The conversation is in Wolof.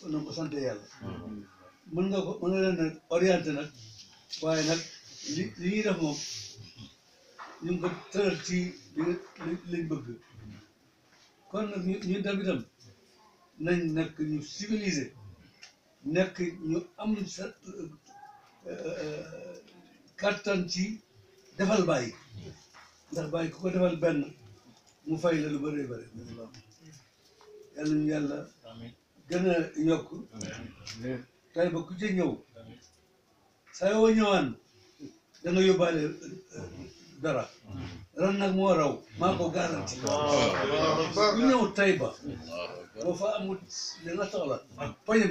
kon nag ko sant yàlla. Mm-hmm. mën nga ko mën nga leen nag orienté nag waaye nag li li ñuy def moom ñu ngi ko tëral ci li liñ bëgg kon nag ñu ñu dem itam nañ nekk ñu civilisé nekk ñu am sa euh, euh, kattan ci defal bàyyi ndax bàyyi ku ko defal benn mu fay la lu bëree bëri yàlla ñu yàlla. gën a yokk ku ca ñëw saa yoo ñëwaan da nga uh, dara ren nag moo raw maa ko garanti ku ñëw tey ba boo fa amul li nga soxla poñi